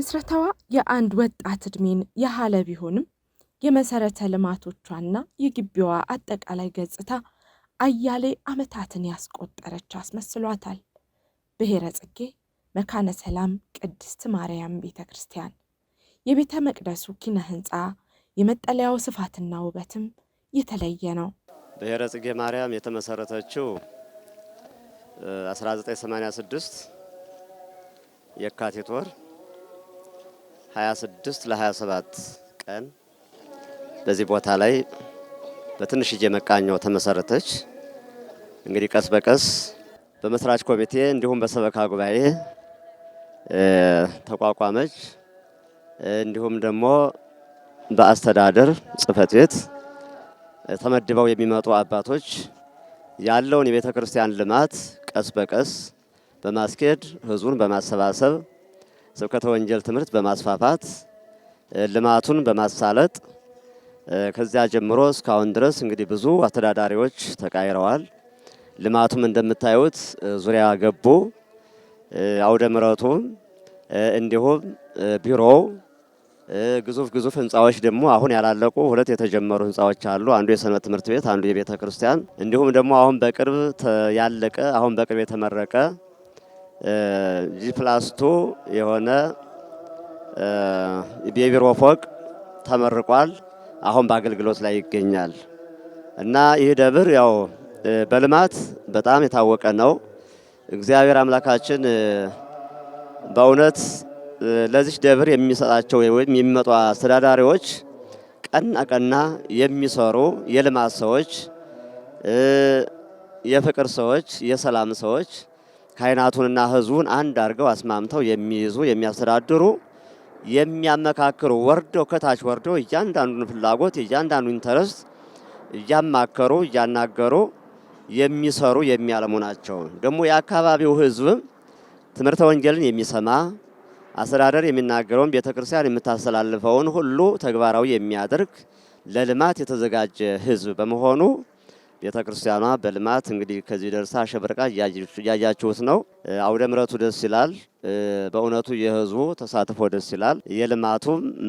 ምስረታዋ የአንድ ወጣት እድሜን ያህለ ቢሆንም የመሰረተ ልማቶቿና የግቢዋ አጠቃላይ ገጽታ አያሌ ዓመታትን ያስቆጠረች አስመስሏታል። ብሔረ ጽጌ መካነ ሰላም ቅድስት ማርያም ቤተ ክርስቲያን የቤተ መቅደሱ ኪነ ህንፃ የመጠለያው ስፋትና ውበትም የተለየ ነው። ብሔረ ጽጌ ማርያም የተመሰረተችው 1986 የካቲት ወር 26 ለ27 ቀን በዚህ ቦታ ላይ በትንሽዬ መቃኛው ተመሰረተች። እንግዲህ ቀስ በቀስ በመስራች ኮሚቴ እንዲሁም በሰበካ ጉባኤ ተቋቋመች። እንዲሁም ደግሞ በአስተዳደር ጽህፈት ቤት ተመድበው የሚመጡ አባቶች ያለውን የቤተ ክርስቲያን ልማት ቀስ በቀስ በማስኬድ ህዝቡን በማሰባሰብ ስብከተ ወንጌል ትምህርት በማስፋፋት ልማቱን በማሳለጥ ከዚያ ጀምሮ እስካሁን ድረስ እንግዲህ ብዙ አስተዳዳሪዎች ተቃይረዋል። ልማቱም እንደምታዩት ዙሪያ ገቡ አውደ ምረቱ እንዲሁም ቢሮው ግዙፍ ግዙፍ ህንፃዎች ደግሞ አሁን ያላለቁ ሁለት የተጀመሩ ህንፃዎች አሉ። አንዱ የሰንበት ትምህርት ቤት፣ አንዱ የቤተ ክርስቲያን እንዲሁም ደግሞ አሁን በቅርብ ያለቀ አሁን በቅርብ የተመረቀ ጂፕላስቱ የሆነ የቢሮ ፎቅ ተመርቋል። አሁን በአገልግሎት ላይ ይገኛል እና ይህ ደብር ያው በልማት በጣም የታወቀ ነው። እግዚአብሔር አምላካችን በእውነት ለዚች ደብር የሚሰጣቸው ወይም የሚመጡ አስተዳዳሪዎች ቀና ቀና የሚሰሩ የልማት ሰዎች፣ የፍቅር ሰዎች፣ የሰላም ሰዎች ካህናቱንና ህዝቡን አንድ አድርገው አስማምተው የሚይዙ የሚያስተዳድሩ፣ የሚያመካክሩ ወርደው ከታች ወርደው እያንዳንዱን ፍላጎት እያንዳንዱ ኢንተረስት እያማከሩ እያናገሩ የሚሰሩ የሚያለሙ ናቸው። ደግሞ የአካባቢው ህዝብ ትምህርተ ወንጌልን የሚሰማ አስተዳደር የሚናገረውን ቤተ ክርስቲያን የምታስተላልፈውን ሁሉ ተግባራዊ የሚያደርግ ለልማት የተዘጋጀ ህዝብ በመሆኑ ቤተ ክርስቲያኗ በልማት እንግዲህ ከዚህ ደርሳ አሸብርቃ እያያችሁት ነው። አውደ ምረቱ ደስ ይላል። በእውነቱ የህዝቡ ተሳትፎ ደስ ይላል። የልማቱ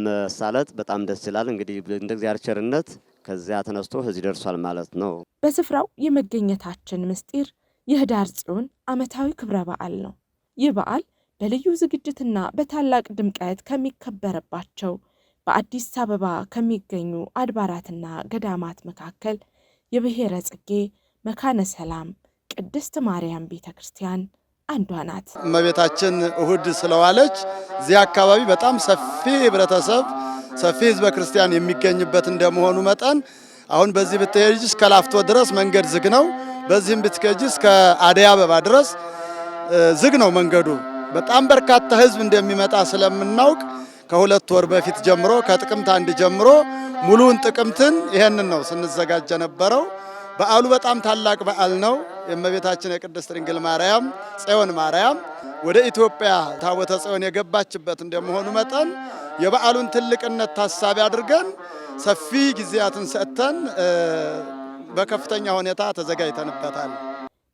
መሳለጥ በጣም ደስ ይላል። እንግዲህ እንደ እግዚአብሔር ቸርነት ከዚያ ተነስቶ እዚህ ደርሷል ማለት ነው። በስፍራው የመገኘታችን ምስጢር የህዳር ጽዮን ዓመታዊ ክብረ በዓል ነው። ይህ በዓል በልዩ ዝግጅትና በታላቅ ድምቀት ከሚከበረባቸው በአዲስ አበባ ከሚገኙ አድባራትና ገዳማት መካከል የብሔረ ጽጌ መካነ ሰላም ቅድስት ማርያም ቤተ ክርስቲያን አንዷ ናት። እመቤታችን እሁድ ስለዋለች እዚህ አካባቢ በጣም ሰፊ ህብረተሰብ፣ ሰፊ ህዝበ ክርስቲያን የሚገኝበት እንደመሆኑ መጠን አሁን በዚህ ብትሄጅ እስከ ላፍቶ ድረስ መንገድ ዝግ ነው። በዚህም ብትሄጂ እስከ አደይ አበባ ድረስ ዝግ ነው መንገዱ። በጣም በርካታ ህዝብ እንደሚመጣ ስለምናውቅ ከሁለት ወር በፊት ጀምሮ ከጥቅምት አንድ ጀምሮ ሙሉውን ጥቅምትን ይሄንን ነው ስንዘጋጀ ነበረው። በዓሉ በጣም ታላቅ በዓል ነው። የእመቤታችን የቅድስት ድንግል ማርያም ጽዮን ማርያም ወደ ኢትዮጵያ ታቦተ ጽዮን የገባችበት እንደመሆኑ መጠን የበዓሉን ትልቅነት ታሳቢ አድርገን ሰፊ ጊዜያትን ሰጥተን በከፍተኛ ሁኔታ ተዘጋጅተንበታል።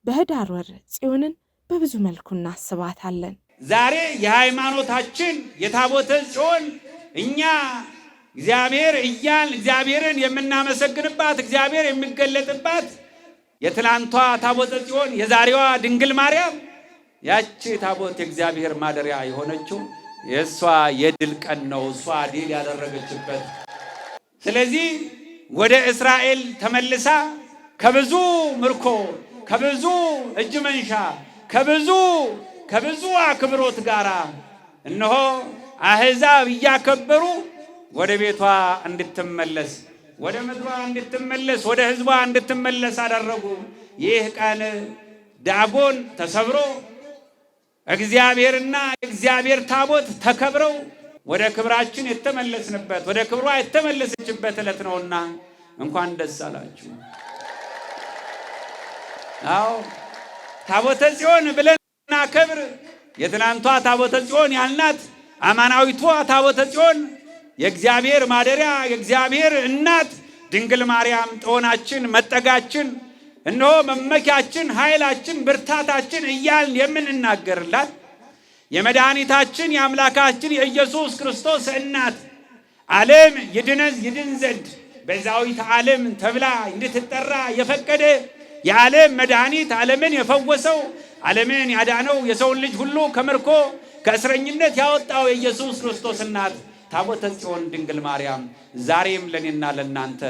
በህዳር ወር ጽዮንን በብዙ መልኩ እናስባታለን። ዛሬ የሃይማኖታችን የታቦተ ጽዮን እኛ እግዚአብሔር እያል እግዚአብሔርን የምናመሰግንባት እግዚአብሔር የሚገለጥባት የትላንቷ ታቦተ ጽዮን የዛሬዋ ድንግል ማርያም ያቺ ታቦት የእግዚአብሔር ማደሪያ የሆነችው የእሷ የድል ቀን ነው። እሷ ድል ያደረገችበት። ስለዚህ ወደ እስራኤል ተመልሳ ከብዙ ምርኮ፣ ከብዙ እጅ መንሻ፣ ከብዙ ከብዙ አክብሮት ጋር እነሆ አሕዛብ እያከበሩ ወደ ቤቷ እንድትመለስ ወደ ምድሯ እንድትመለስ ወደ ሕዝቧ እንድትመለስ አደረጉ። ይህ ቀን ዳጎን ተሰብሮ እግዚአብሔርና የእግዚአብሔር ታቦት ተከብረው ወደ ክብራችን የተመለስንበት ወደ ክብሯ የተመለሰችበት ዕለት ነውና እንኳን ደስ አላችሁ። አዎ ታቦተ ጽዮን ብለን ስናከብር የትናንቷ ታቦተ ጽዮን ያልናት አማናዊቷ ታቦተ ጽዮን የእግዚአብሔር ማደሪያ የእግዚአብሔር እናት ድንግል ማርያም ጦናችን፣ መጠጋችን፣ እነሆ መመኪያችን፣ ኃይላችን፣ ብርታታችን እያልን የምንናገርላት የመድኃኒታችን የአምላካችን የኢየሱስ ክርስቶስ እናት ዓለም ይድነዝ ይድን ዘንድ በዛዊት ዓለም ተብላ እንድትጠራ የፈቀደ የዓለም መድኃኒት ዓለምን የፈወሰው ዓለምን ያዳነው የሰውን ልጅ ሁሉ ከምርኮ ከእስረኝነት ያወጣው የኢየሱስ ክርስቶስ እናት ታቦተ ጽዮን ድንግል ማርያም ዛሬም ለእኔና ለእናንተ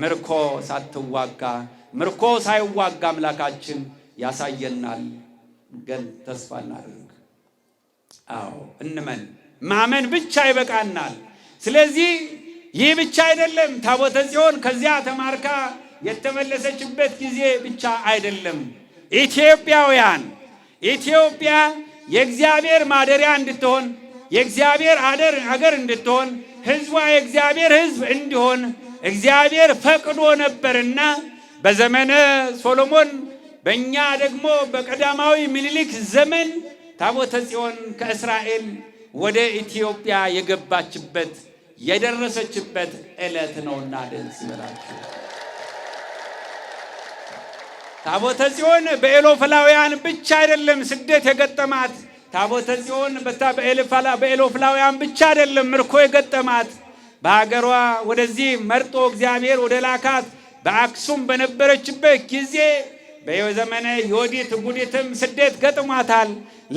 ምርኮ ሳትዋጋ ምርኮ ሳይዋጋ አምላካችን ያሳየናል። ግን ተስፋ እናደርግ። አዎ እንመን። ማመን ብቻ ይበቃናል። ስለዚህ ይህ ብቻ አይደለም። ታቦተ ጽዮን ከዚያ ተማርካ የተመለሰችበት ጊዜ ብቻ አይደለም። ኢትዮጵያውያን ኢትዮጵያ የእግዚአብሔር ማደሪያ እንድትሆን የእግዚአብሔር አገር እንድትሆን ሕዝቧ የእግዚአብሔር ሕዝብ እንዲሆን እግዚአብሔር ፈቅዶ ነበርና በዘመነ ሶሎሞን በእኛ ደግሞ በቀዳማዊ ምኒልክ ዘመን ታቦተ ጽዮን ከእስራኤል ወደ ኢትዮጵያ የገባችበት የደረሰችበት ዕለት ነውና ደስ ይበላችሁ። ታቦተ ጽዮን በኤሎፍላውያን ብቻ አይደለም ስደት የገጠማት። ታቦተ ጽዮን በኤሎፍላውያን ብቻ አይደለም ምርኮ የገጠማት። በሀገሯ ወደዚህ መርጦ እግዚአብሔር ወደ ላካት በአክሱም በነበረችበት ጊዜ በዘመነ ዮዲት ጉዲትም ስደት ገጥሟታል።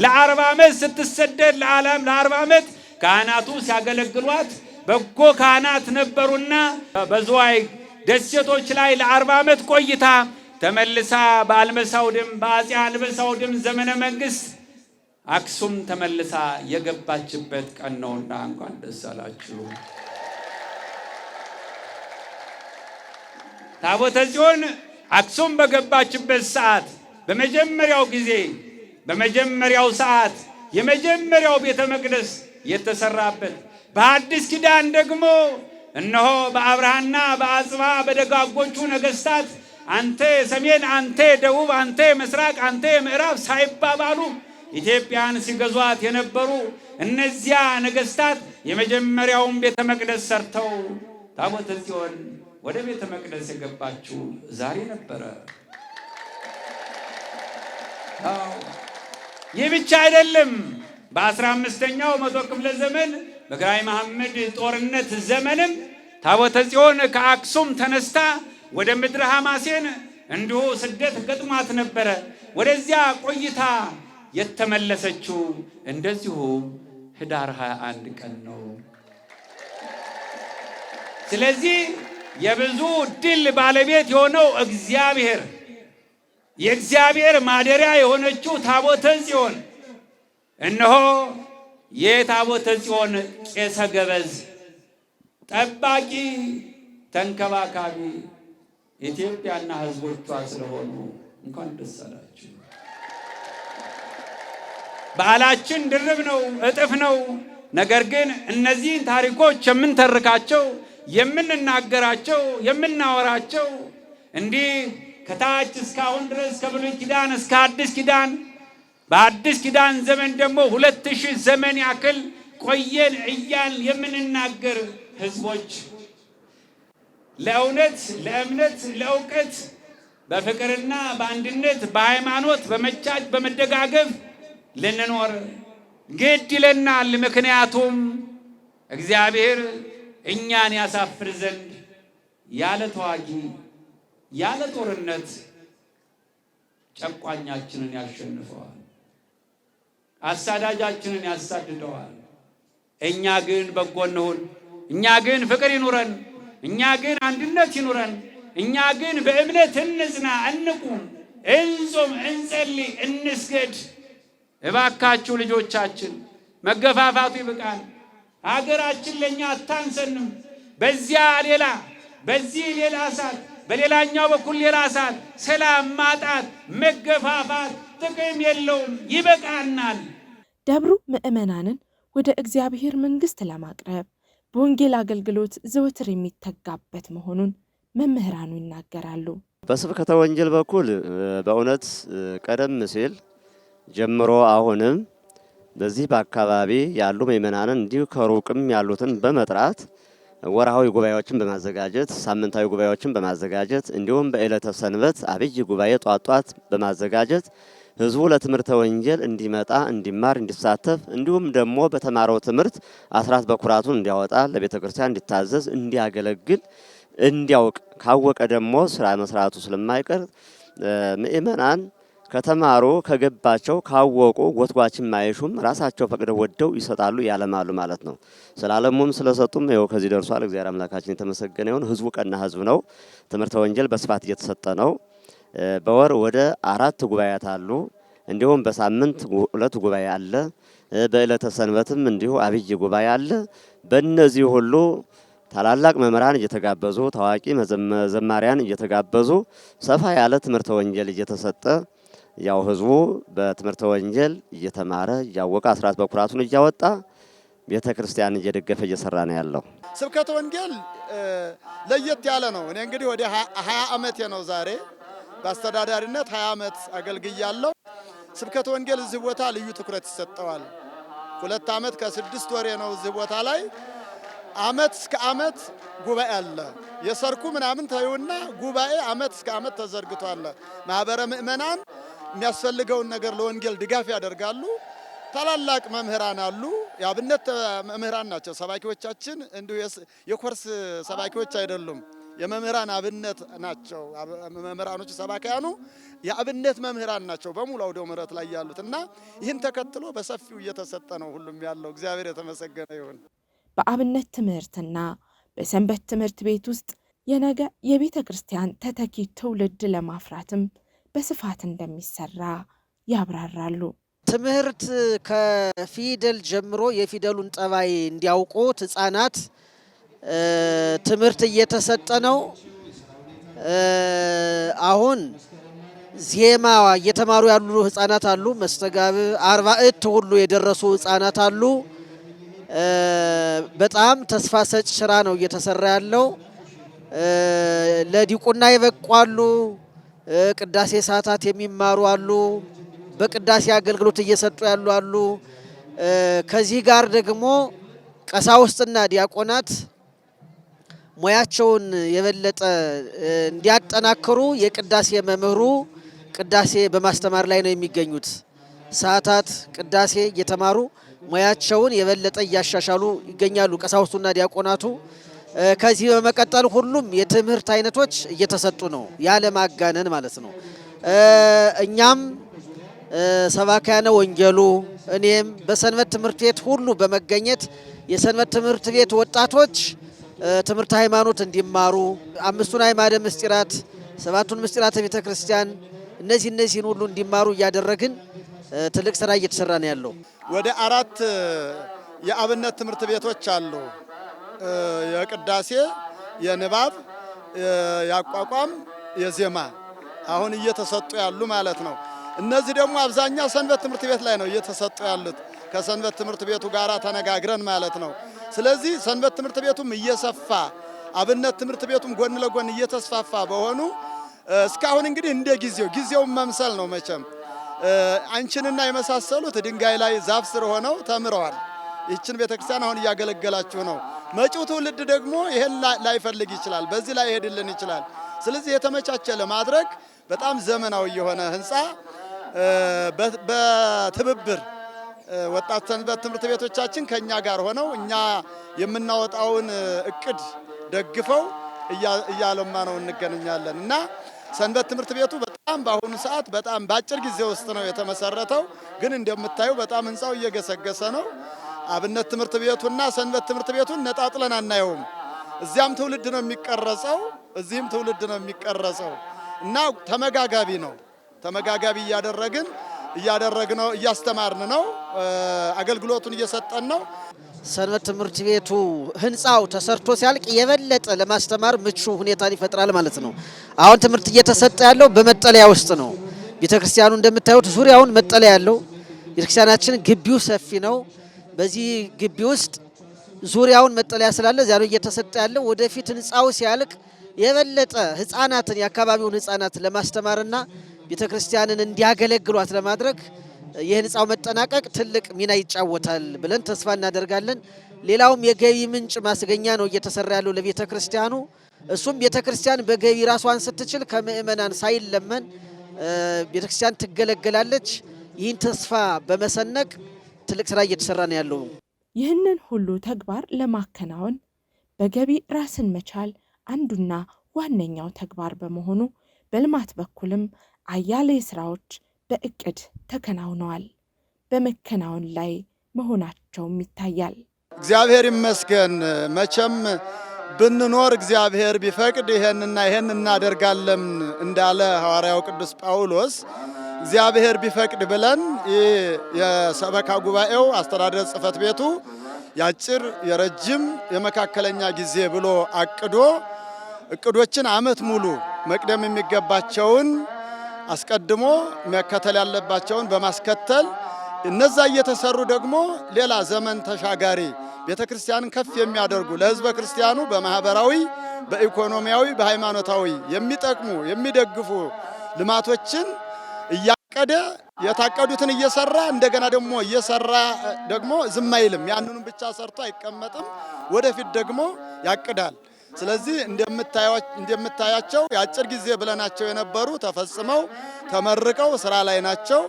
ለአርባ ዓመት ስትሰደድ ለዓለም ለአርባ ዓመት ካህናቱ ሲያገለግሏት በጎ ካህናት ነበሩና በዝዋይ ደሴቶች ላይ ለአርባ ዓመት ቆይታ ተመልሳ በአልመሳው ድም በአፄ አልበሳው ዘመነ መንግስት አክሱም ተመልሳ የገባችበት ቀን ነውና እንኳን ደስ አላችሁ። ታቦተ ጽዮን አክሱም በገባችበት ሰዓት በመጀመሪያው ጊዜ በመጀመሪያው ሰዓት የመጀመሪያው ቤተ መቅደስ የተሰራበት በአዲስ ኪዳን ደግሞ እነሆ በአብርሃና በአጽባ በደጋጎቹ ነገስታት አንተ ሰሜን፣ አንተ ደቡብ ፣ አንተ ምስራቅ፣ አንተ ምዕራብ ሳይባባሉ ኢትዮጵያን ሲገዟት የነበሩ እነዚያ ነገስታት የመጀመሪያውን ቤተ መቅደስ ሰርተው ታቦተ ጽዮን ወደ ቤተ መቅደስ የገባችው ዛሬ ነበረ። ይህ ብቻ አይደለም። በአስራ አምስተኛው መቶ ክፍለ ዘመን በግራኝ መሐመድ ጦርነት ዘመንም ታቦተ ጽዮን ከአክሱም ተነስታ ወደ ምድረ ሐማሴን እንዲሁ ስደት ገጥሟት ነበረ። ወደዚያ ቆይታ የተመለሰችው እንደዚሁ ህዳር 21 ቀን ነው። ስለዚህ የብዙ ድል ባለቤት የሆነው እግዚአብሔር የእግዚአብሔር ማደሪያ የሆነችው ታቦተ ጽዮን እነሆ የታቦተ ጽዮን ቄሰ ገበዝ ጠባቂ ተንከባካቢ ኢትዮጵያና ህዝቦቿ ስለሆኑ እንኳን ደስ አላችሁ። በዓላችን ድርብ ነው፣ እጥፍ ነው። ነገር ግን እነዚህን ታሪኮች የምንተርካቸው፣ የምንናገራቸው፣ የምናወራቸው እንዲህ ከታች እስካሁን ድረስ ከብሉይ ኪዳን እስከ አዲስ ኪዳን በአዲስ ኪዳን ዘመን ደግሞ ሁለት ሺህ ዘመን ያክል ቆየን እያል የምንናገር ህዝቦች። ለእውነት፣ ለእምነት፣ ለእውቀት በፍቅርና በአንድነት በሃይማኖት በመቻች በመደጋገፍ ልንኖር ግድ ይለናል። ምክንያቱም እግዚአብሔር እኛን ያሳፍር ዘንድ ያለ ተዋጊ ያለ ጦርነት ጨቋኛችንን ያሸንፈዋል፣ አሳዳጃችንን ያሳድደዋል። እኛ ግን በጎ እንሁን፣ እኛ ግን ፍቅር ይኑረን። እኛ ግን አንድነት ይኑረን። እኛ ግን በእምነት እንጽና፣ እንቁም፣ እንጾም፣ እንጸልይ፣ እንስገድ። እባካችሁ ልጆቻችን መገፋፋቱ ይብቃል። ሀገራችን ለእኛ አታንሰንም። በዚያ ሌላ በዚህ ሌላ እሳት፣ በሌላኛው በኩል ሌላ እሳት፣ ሰላም ማጣት፣ መገፋፋት ጥቅም የለውም። ይበቃናል። ደብሩ ምዕመናንን ወደ እግዚአብሔር መንግሥት ለማቅረብ በወንጌል አገልግሎት ዘወትር የሚተጋበት መሆኑን መምህራኑ ይናገራሉ። በስብከተ ወንጌል በኩል በእውነት ቀደም ሲል ጀምሮ አሁንም በዚህ በአካባቢ ያሉ ምእመናንን እንዲሁ ከሩቅም ያሉትን በመጥራት ወርሃዊ ጉባኤዎችን በማዘጋጀት ሳምንታዊ ጉባኤዎችን በማዘጋጀት እንዲሁም በዕለተ ሰንበት አብይ ጉባኤ ጧጧት በማዘጋጀት ህዝቡ ለትምህርተ ወንጌል እንዲመጣ እንዲማር እንዲሳተፍ እንዲሁም ደግሞ በተማረው ትምህርት አስራት በኩራቱን እንዲያወጣ ለቤተ ክርስቲያን እንዲታዘዝ እንዲያገለግል እንዲያውቅ ካወቀ ደግሞ ስራ መስራቱ ስለማይቀር ምእመናን ከተማሩ ከገባቸው ካወቁ ጎትጓችን ማየሹም ራሳቸው ፈቅደው ወደው ይሰጣሉ ያለማሉ ማለት ነው። ስላለሙም ስለሰጡም ይኸው ከዚህ ደርሷል። እግዚአብሔር አምላካችን የተመሰገነ ይሁን። ህዝቡ ቀና ህዝብ ነው። ትምህርተ ወንጌል በስፋት እየተሰጠ ነው። በወር ወደ አራት ጉባኤያት አሉ። እንዲሁም በሳምንት ሁለት ጉባኤ አለ። በዕለተ ሰንበትም እንዲሁ አብይ ጉባኤ አለ። በእነዚህ ሁሉ ታላላቅ መምህራን እየተጋበዙ ታዋቂ ዘማሪያን እየተጋበዙ ሰፋ ያለ ትምህርተ ወንጌል እየተሰጠ ያው ህዝቡ በትምህርተ ወንጌል እየተማረ እያወቀ አስራት በኩራቱን እያወጣ ቤተ ክርስቲያን እየደገፈ እየሰራ ነው ያለው። ስብከተ ወንጌል ለየት ያለ ነው። እኔ እንግዲህ ወደ ሀያ ዓመቴ ነው ዛሬ በአስተዳዳሪነት 20 ዓመት አገልግያለሁ። ስብከተ ወንጌል እዚህ ቦታ ልዩ ትኩረት ይሰጠዋል። ሁለት ዓመት ከስድስት ወሬ ነው እዚህ ቦታ ላይ ዓመት እስከ ዓመት ጉባኤ አለ። የሰርኩ ምናምን ተይውና ጉባኤ ዓመት እስከ ዓመት ተዘርግቶ አለ። ማኅበረ ምእመናን የሚያስፈልገውን ነገር ለወንጌል ድጋፍ ያደርጋሉ። ታላላቅ መምህራን አሉ። የአብነት መምህራን ናቸው ሰባኪዎቻችን። እንዲሁ የኮርስ ሰባኪዎች አይደሉም። የመምህራን አብነት ናቸው። መምህራኖቹ ሰባክያኑ የአብነት መምህራን ናቸው በሙሉ አውደ ምሕረት ላይ ያሉት እና ይህን ተከትሎ በሰፊው እየተሰጠ ነው ሁሉም ያለው። እግዚአብሔር የተመሰገነ ይሁን። በአብነት ትምህርትና በሰንበት ትምህርት ቤት ውስጥ የነገ የቤተ ክርስቲያን ተተኪ ትውልድ ለማፍራትም በስፋት እንደሚሰራ ያብራራሉ። ትምህርት ከፊደል ጀምሮ የፊደሉን ጠባይ እንዲያውቁት ህጻናት ትምህርት እየተሰጠ ነው። አሁን ዜማ እየተማሩ ያሉ ህጻናት አሉ። መስተጋብ እት ሁሉ የደረሱ ህጻናት አሉ። በጣም ተስፋ ሰጭ ስራ ነው እየተሰራ ያለው። ለዲቁና የበቋሉ ቅዳሴ ሰዓታት የሚማሩ አሉ። በቅዳሴ አገልግሎት እየሰጡ ያሉ አሉ። ከዚህ ጋር ደግሞ ቀሳውስትና ዲያቆናት ሙያቸውን የበለጠ እንዲያጠናክሩ የቅዳሴ መምህሩ ቅዳሴ በማስተማር ላይ ነው የሚገኙት። ሰዓታት ቅዳሴ እየተማሩ ሙያቸውን የበለጠ እያሻሻሉ ይገኛሉ ቀሳውስቱና ዲያቆናቱ። ከዚህ በመቀጠል ሁሉም የትምህርት አይነቶች እየተሰጡ ነው፣ ያለማጋነን ማለት ነው። እኛም ሰባካያነ ወንጌሉ እኔም በሰንበት ትምህርት ቤት ሁሉ በመገኘት የሰንበት ትምህርት ቤት ወጣቶች ትምህርት ሃይማኖት እንዲማሩ አምስቱን አዕማደ ምስጢራት፣ ሰባቱን ምስጢራተ ቤተ ክርስቲያን እነዚህ እነዚህን ሁሉ እንዲማሩ እያደረግን ትልቅ ስራ እየተሰራ ነው ያለው። ወደ አራት የአብነት ትምህርት ቤቶች አሉ። የቅዳሴ፣ የንባብ፣ የአቋቋም፣ የዜማ አሁን እየተሰጡ ያሉ ማለት ነው። እነዚህ ደግሞ አብዛኛው ሰንበት ትምህርት ቤት ላይ ነው እየተሰጡ ያሉት ከሰንበት ትምህርት ቤቱ ጋር ተነጋግረን ማለት ነው። ስለዚህ ሰንበት ትምህርት ቤቱም እየሰፋ አብነት ትምህርት ቤቱም ጎን ለጎን እየተስፋፋ በሆኑ እስካሁን እንግዲህ እንደ ጊዜው ጊዜውን መምሰል ነው መቼም አንቺንና የመሳሰሉት ድንጋይ ላይ ዛፍ ስር ሆነው ተምረዋል። ይችን ቤተክርስቲያን አሁን እያገለገላችሁ ነው። መጪው ትውልድ ደግሞ ይሄን ላይፈልግ ይችላል፣ በዚህ ላይ ይሄድልን ይችላል። ስለዚህ የተመቻቸ ለማድረግ በጣም ዘመናዊ የሆነ ህንፃ በትብብር ወጣት ሰንበት ትምህርት ቤቶቻችን ከእኛ ጋር ሆነው እኛ የምናወጣውን እቅድ ደግፈው እያለማ ነው እንገናኛለን እና ሰንበት ትምህርት ቤቱ በጣም በአሁኑ ሰዓት በጣም በአጭር ጊዜ ውስጥ ነው የተመሰረተው። ግን እንደምታዩ በጣም ህንፃው እየገሰገሰ ነው። አብነት ትምህርት ቤቱና ሰንበት ትምህርት ቤቱን ነጣጥለን አናየውም። እዚያም ትውልድ ነው የሚቀረጸው፣ እዚህም ትውልድ ነው የሚቀረጸው እና ተመጋጋቢ ነው ተመጋጋቢ እያደረግን እያደረግነው እያስተማርን ነው። አገልግሎቱን እየሰጠን ነው። ሰንበት ትምህርት ቤቱ ህንፃው ተሰርቶ ሲያልቅ የበለጠ ለማስተማር ምቹ ሁኔታን ይፈጥራል ማለት ነው። አሁን ትምህርት እየተሰጠ ያለው በመጠለያ ውስጥ ነው። ቤተክርስቲያኑ እንደምታዩት ዙሪያውን መጠለያ ያለው ክርስቲያናችን ግቢው ሰፊ ነው። በዚህ ግቢ ውስጥ ዙሪያውን መጠለያ ስላለ እዚያ ነው እየተሰጠ ያለው። ወደፊት ህንፃው ሲያልቅ የበለጠ ህፃናትን የአካባቢውን ህፃናት ለማስተማርና ቤተ ክርስቲያንን እንዲያገለግሏት ለማድረግ የህንፃው መጠናቀቅ ትልቅ ሚና ይጫወታል ብለን ተስፋ እናደርጋለን። ሌላውም የገቢ ምንጭ ማስገኛ ነው እየተሰራ ያለው ለቤተ ክርስቲያኑ። እሱም ቤተ ክርስቲያን በገቢ ራሷን ስትችል ከምእመናን ሳይለመን ቤተ ክርስቲያን ትገለገላለች። ይህን ተስፋ በመሰነቅ ትልቅ ስራ እየተሰራ ነው ያለው። ይህንን ሁሉ ተግባር ለማከናወን በገቢ ራስን መቻል አንዱና ዋነኛው ተግባር በመሆኑ በልማት በኩልም አያሌ ስራዎች በእቅድ ተከናውነዋል፣ በመከናወን ላይ መሆናቸውም ይታያል። እግዚአብሔር ይመስገን። መቼም ብንኖር እግዚአብሔር ቢፈቅድ ይሄንና ይሄን እናደርጋለን እንዳለ ሐዋርያው ቅዱስ ጳውሎስ እግዚአብሔር ቢፈቅድ ብለን የሰበካ ጉባኤው አስተዳደር ጽሕፈት ቤቱ የአጭር የረጅም የመካከለኛ ጊዜ ብሎ አቅዶ እቅዶችን ዓመት ሙሉ መቅደም የሚገባቸውን አስቀድሞ መከተል ያለባቸውን በማስከተል እነዛ እየተሰሩ ደግሞ ሌላ ዘመን ተሻጋሪ ቤተ ክርስቲያንን ከፍ የሚያደርጉ ለህዝበ ክርስቲያኑ በማህበራዊ፣ በኢኮኖሚያዊ፣ በሃይማኖታዊ የሚጠቅሙ የሚደግፉ ልማቶችን እያቀደ የታቀዱትን እየሰራ እንደገና ደግሞ እየሰራ ደግሞ ዝም አይልም። ያንኑን ብቻ ሰርቶ አይቀመጥም። ወደፊት ደግሞ ያቅዳል። ስለዚህ እንደምታያቸው የአጭር ጊዜ ብለናቸው የነበሩ ተፈጽመው ተመርቀው ስራ ላይ ናቸው።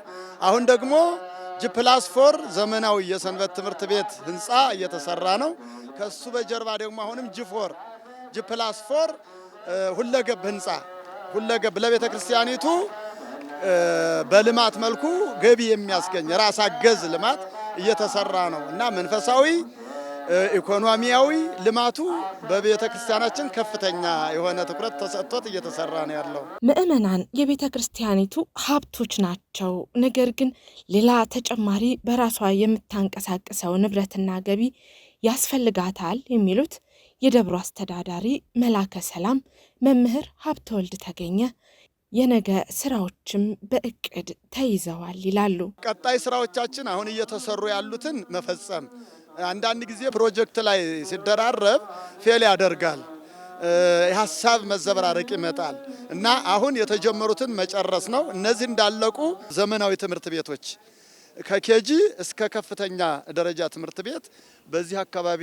አሁን ደግሞ ጂፕላስ ፎር ዘመናዊ የሰንበት ትምህርት ቤት ህንፃ እየተሰራ ነው። ከሱ በጀርባ ደግሞ አሁንም ጂፎር ጂፕላስ ፎር ሁለገብ ህንፃ ሁለገብ ለቤተ ክርስቲያኒቱ በልማት መልኩ ገቢ የሚያስገኝ ራስ አገዝ ልማት እየተሰራ ነው እና መንፈሳዊ ኢኮኖሚያዊ ልማቱ በቤተ ክርስቲያናችን ከፍተኛ የሆነ ትኩረት ተሰጥቶት እየተሰራ ነው ያለው። ምእመናን የቤተ ክርስቲያኒቱ ሀብቶች ናቸው። ነገር ግን ሌላ ተጨማሪ በራሷ የምታንቀሳቅሰው ንብረትና ገቢ ያስፈልጋታል የሚሉት የደብሮ አስተዳዳሪ መላከ ሰላም መምህር ሀብተ ወልድ ተገኘ የነገ ስራዎችም በእቅድ ተይዘዋል ይላሉ። ቀጣይ ስራዎቻችን አሁን እየተሰሩ ያሉትን መፈጸም አንዳንድ ጊዜ ፕሮጀክት ላይ ሲደራረብ ፌል ያደርጋል፣ የሀሳብ መዘበራረቅ ይመጣል እና አሁን የተጀመሩትን መጨረስ ነው። እነዚህ እንዳለቁ ዘመናዊ ትምህርት ቤቶች ከኬጂ እስከ ከፍተኛ ደረጃ ትምህርት ቤት በዚህ አካባቢ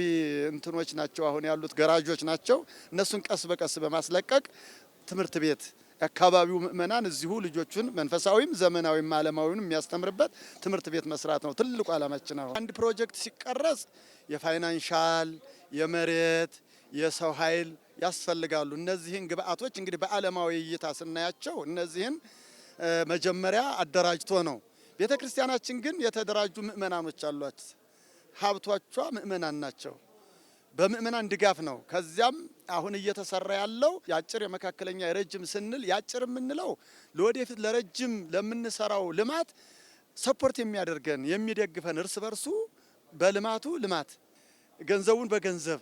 እንትኖች ናቸው አሁን ያሉት ገራጆች ናቸው። እነሱን ቀስ በቀስ በማስለቀቅ ትምህርት ቤት የአካባቢው ምእመናን እዚሁ ልጆቹን መንፈሳዊም ዘመናዊም አለማዊን የሚያስተምርበት ትምህርት ቤት መስራት ነው ትልቁ አላማችን ነው አንድ ፕሮጀክት ሲቀረጽ የፋይናንሻል፣ የመሬት፣ የሰው ኃይል ያስፈልጋሉ። እነዚህን ግብአቶች እንግዲህ በአለማዊ እይታ ስናያቸው እነዚህን መጀመሪያ አደራጅቶ ነው። ቤተ ክርስቲያናችን ግን የተደራጁ ምእመናኖች አሏት። ሀብቷቿ ምእመናን ናቸው። በምእመናን ድጋፍ ነው። ከዚያም አሁን እየተሰራ ያለው የአጭር የመካከለኛ የረጅም ስንል የአጭር የምንለው ለወደፊት ለረጅም ለምንሰራው ልማት ሰፖርት የሚያደርገን የሚደግፈን፣ እርስ በርሱ በልማቱ ልማት ገንዘቡን በገንዘብ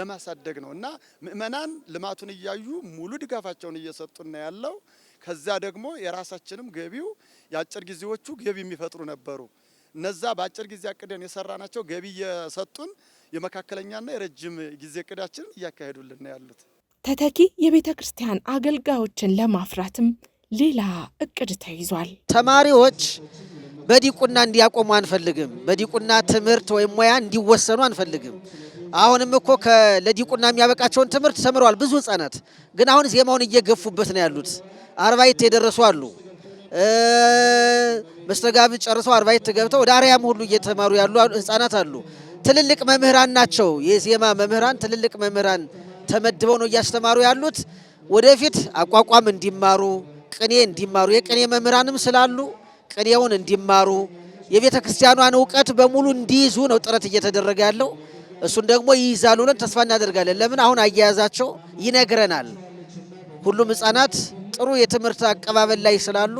ለማሳደግ ነው እና ምእመናን ልማቱን እያዩ ሙሉ ድጋፋቸውን እየሰጡና ያለው ከዚያ ደግሞ የራሳችንም ገቢው የአጭር ጊዜዎቹ ገቢ የሚፈጥሩ ነበሩ። እነዛ በአጭር ጊዜ አቅደን የሰራናቸው ገቢ የሰጡን የመካከለኛና የረጅም ጊዜ እቅዳችንን እያካሄዱልን ያሉት ተተኪ የቤተ ክርስቲያን አገልጋዮችን ለማፍራትም ሌላ እቅድ ተይዟል። ተማሪዎች በዲቁና እንዲያቆሙ አንፈልግም። በዲቁና ትምህርት ወይም ሙያ እንዲወሰኑ አንፈልግም። አሁንም እኮ ለዲቁና የሚያበቃቸውን ትምህርት ተምረዋል ብዙ ህጻናት፣ ግን አሁን ዜማውን እየገፉበት ነው ያሉት። አርባይት የደረሱ አሉ። በስተጋብ ጨርሰው አርባይት ገብተው ወደ አርያም ሁሉ እየተማሩ ያሉ ህፃናት አሉ። ትልልቅ መምህራን ናቸው። የዜማ መምህራን ትልልቅ መምህራን ተመድበው ነው እያስተማሩ ያሉት። ወደፊት አቋቋም እንዲማሩ ቅኔ እንዲማሩ የቅኔ መምህራንም ስላሉ ቅኔውን እንዲማሩ የቤተ ክርስቲያኗን እውቀት በሙሉ እንዲይዙ ነው ጥረት እየተደረገ ያለው። እሱን ደግሞ ይይዛሉ ብለን ተስፋ እናደርጋለን። ለምን አሁን አያያዛቸው ይነግረናል። ሁሉም ህፃናት ጥሩ የትምህርት አቀባበል ላይ ስላሉ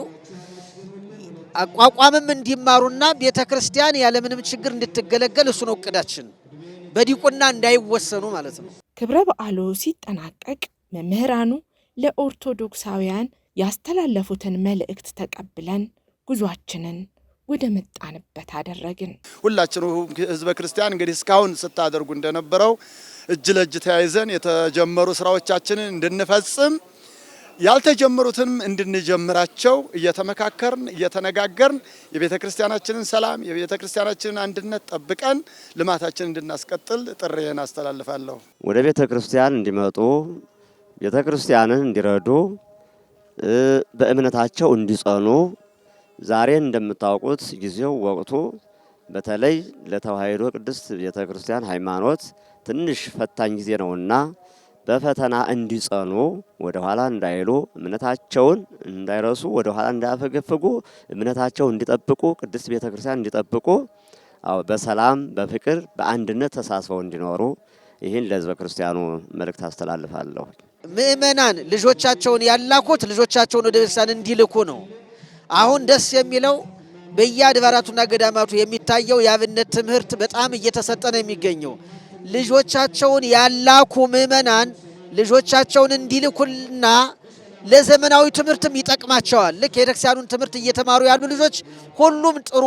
አቋቋምም እንዲማሩና ቤተ ክርስቲያን ያለምንም ችግር እንድትገለገል እሱ ነው እቅዳችን፣ በዲቁና እንዳይወሰኑ ማለት ነው። ክብረ በዓሉ ሲጠናቀቅ መምህራኑ ለኦርቶዶክሳውያን ያስተላለፉትን መልእክት ተቀብለን ጉዟችንን ወደ መጣንበት አደረግን። ሁላችንም ህዝበ ክርስቲያን እንግዲህ እስካሁን ስታደርጉ እንደነበረው እጅ ለእጅ ተያይዘን የተጀመሩ ስራዎቻችንን እንድንፈጽም ያልተጀመሩትንም እንድንጀምራቸው እየተመካከርን እየተነጋገርን የቤተ ክርስቲያናችንን ሰላም የቤተ ክርስቲያናችንን አንድነት ጠብቀን ልማታችን እንድናስቀጥል ጥሪዬን አስተላልፋለሁ። ወደ ቤተ ክርስቲያን እንዲመጡ፣ ቤተ ክርስቲያንን እንዲረዱ፣ በእምነታቸው እንዲጸኑ። ዛሬ እንደምታውቁት ጊዜው ወቅቱ በተለይ ለተዋሕዶ ቅድስት ቤተ ክርስቲያን ሃይማኖት ትንሽ ፈታኝ ጊዜ ነውና በፈተና እንዲጸኑ ወደ ኋላ እንዳይሉ እምነታቸውን እንዳይረሱ ወደ ኋላ እንዳያፈገፍጉ እምነታቸውን እንዲጠብቁ ቅድስት ቤተ ክርስቲያን እንዲጠብቁ በሰላም በፍቅር በአንድነት ተሳስበው እንዲኖሩ ይህን ለህዝበ ክርስቲያኑ መልእክት አስተላልፋለሁ። ምእመናን ልጆቻቸውን ያላኩት ልጆቻቸውን ወደ ቤተክርስቲያን እንዲልኩ ነው። አሁን ደስ የሚለው በየአድባራቱና ገዳማቱ የሚታየው የአብነት ትምህርት በጣም እየተሰጠ ነው የሚገኘው ልጆቻቸውን ያላኩ ምእመናን ልጆቻቸውን እንዲልኩና ለዘመናዊ ትምህርትም ይጠቅማቸዋል። ልክ የቤተክርስቲያኑን ትምህርት እየተማሩ ያሉ ልጆች ሁሉም ጥሩ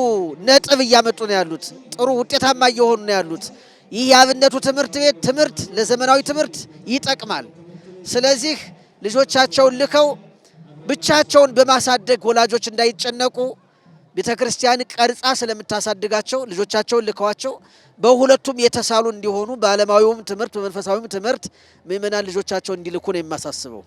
ነጥብ እያመጡ ነው ያሉት፣ ጥሩ ውጤታማ እየሆኑ ነው ያሉት። ይህ የአብነቱ ትምህርት ቤት ትምህርት ለዘመናዊ ትምህርት ይጠቅማል። ስለዚህ ልጆቻቸውን ልከው ብቻቸውን በማሳደግ ወላጆች እንዳይጨነቁ ቤተ ክርስቲያን ቀርጻ ስለምታሳድጋቸው ልጆቻቸውን ልከዋቸው በሁለቱም የተሳሉ እንዲሆኑ በዓለማዊውም ትምህርት በመንፈሳዊም ትምህርት ምእመናን ልጆቻቸው እንዲልኩ ነው የማሳስበው።